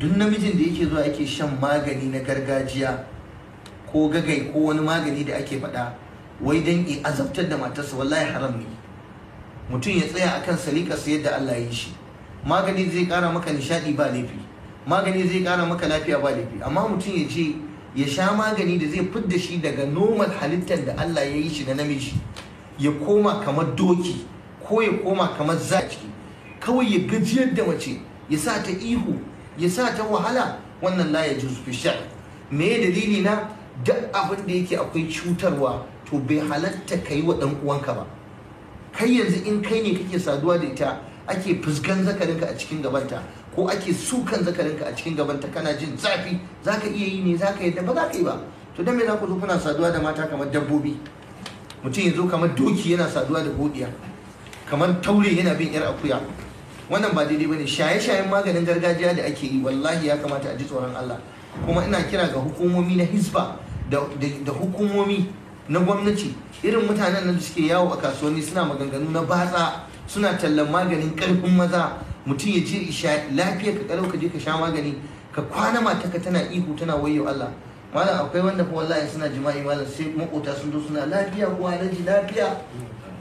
duk namijin da yake zuwa ake shan magani na gargajiya ko gagai ko wani magani da ake faɗa wai dan i azabtar da matarsa wallahi haram ne mutum ya tsaya akan sayar yadda Allah ya yi shi magani zai kara maka nishadi ba laifi magani zai kara maka lafiya ba laifi amma mutum ya ce ya sha magani da zai fidda shi daga normal halittar da Allah ya yi shi na namiji ya koma kamar doki ko ya koma kamar zaki kawai ya gajiyar da mace ya sa ta ihu ya sa ta wahala wannan la ya fi me dalili na da abin da yake akwai cutarwa to bai halatta yi wa dan uwanka ba kai yanzu in kai ne kake saduwa da ita ake fuskan zakarinka a cikin gabanta ko ake sukan zakarinka a cikin gabanta kana jin zafi zaka iya yi ne zaka yadda ba zaka yi ba to dan me za ku zo kuna saduwa da mata kamar dabbobi mutum yanzu kamar doki yana saduwa da godiya kamar taure yana bin yar akuya wannan ba daidai bane shaye-shayen maganin gargajiya da ake yi wallahi ya kamata a ji tsoron Allah kuma ina kira ga hukumomi na hisba da hukumomi na gwamnati irin mutanen nan da suke yawo a kasuwanni suna maganganu na batsa suna tallan maganin karfin maza mutum ya je isha lafiya ka karo ka je ka sha magani ka kwana mataka tana ihu tana wayo Allah malam akwai wanda kuma wallahi suna jima'i malam sai makota sun zo suna lafiya ko alaji lafiya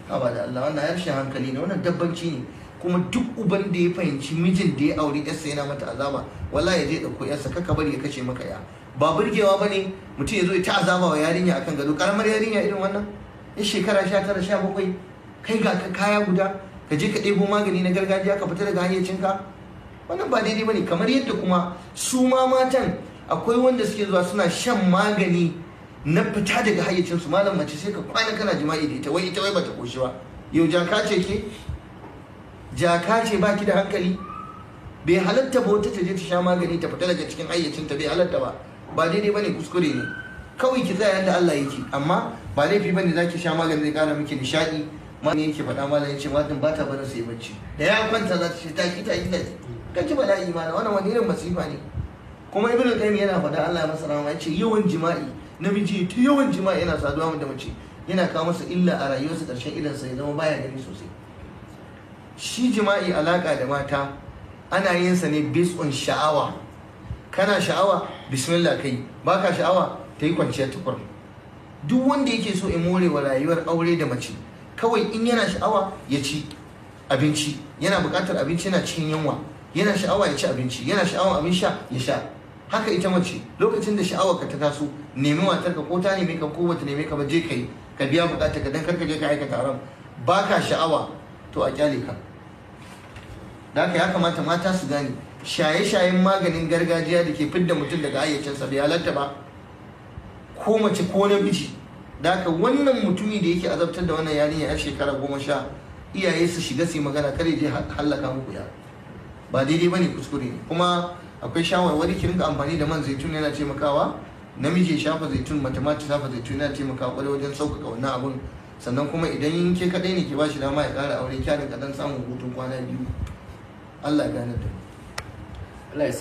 haba da Allah wannan harshen hankali ne wannan dabbanci ne kuma duk uban da ya fahimci mijin da ya aure yarsa yana mata azaba wallahi ya je dauko yarsa kaka bari ya kace maka ya ba burgewa bane mutum ya zo ya ta azaba wa yarinya akan gado karamar yarinya irin wannan ya shekara 19 17 kai ga ka kaya guda ka je ka ɗebo magani na gargajiya ka fita daga hayyacinka wannan ba daidai bane kamar yadda kuma su ma matan akwai wanda suke zuwa suna shan magani na fita daga hayyacinsu malam mace sai ka kwana kana jima'i da ita wai ita wai bata koshi ba yau jaka ce ke jaka ce baki da hankali bai halatta ba wata taje ta sha magani ta fita daga cikin ayyacinta. bai halatta ba ba daidai ne, kuskure ne kawai ki tsaya yadda Allah yake amma ba laifi ba ne za ki sha magani zai kara miki nishadi ma ne yake faɗa mala yace matan ba ta bana sai bacci da ya kwanta za ta ce ta ki ta ki ta ki bala imana wannan wani irin masifa ne kuma ibnu qayyim yana faɗa Allah ya masa rahama yace yawan jima'i namiji ta yawan jima'i yana saduwa da mace yana kawo masa illa a rayuwarsa ƙarshen idan sai zama baya gani sosai shi jima'i alaka da mata ana yin sa ne based on sha'awa kana sha'awa bismillah kai baka sha'awa ta yi kwanciyar tukur duk wanda yake so in more wa rayuwar aure da mace kawai in yana sha'awa ya ci abinci yana buƙatar abinci yana cikin yunwa yana sha'awa ya ci abinci yana sha'awa abin sha ya sha haka ita mace lokacin da sha'awa ka ta taso nemi matar ka ko ta nemi ka ko wata nemi ka ba je kai ka biya buƙatar ka dan karka je ka aikata haram baka sha'awa to a kyale ka da haka ya kamata mata su gane shaye-shayen maganin gargajiya da ke fidda mutum daga ayyacinsa bai halatta ba ko mace ko namiji da haka wannan mutumi da yake azabtar da wannan yarinya a shekara goma sha iyaye su shiga su magana kare je hallaka muku ya ba daidai ba ne kuskure ne kuma akwai shawarwari ki rinka amfani da man zaitun yana taimakawa namiji shafa zaitun mace ma shafa zaitun yana taimakawa kwarai wajen sauƙaƙa wannan abun sannan kuma idan ke kaɗai ne ke ba shi dama ya ƙara aure kyanin kaɗan samun hutun kwana biyu Allah ya gane da mu Allah ya